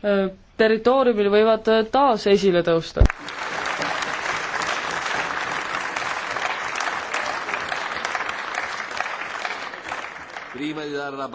Äh, territooriumil võivad äh, taas esile tõusta.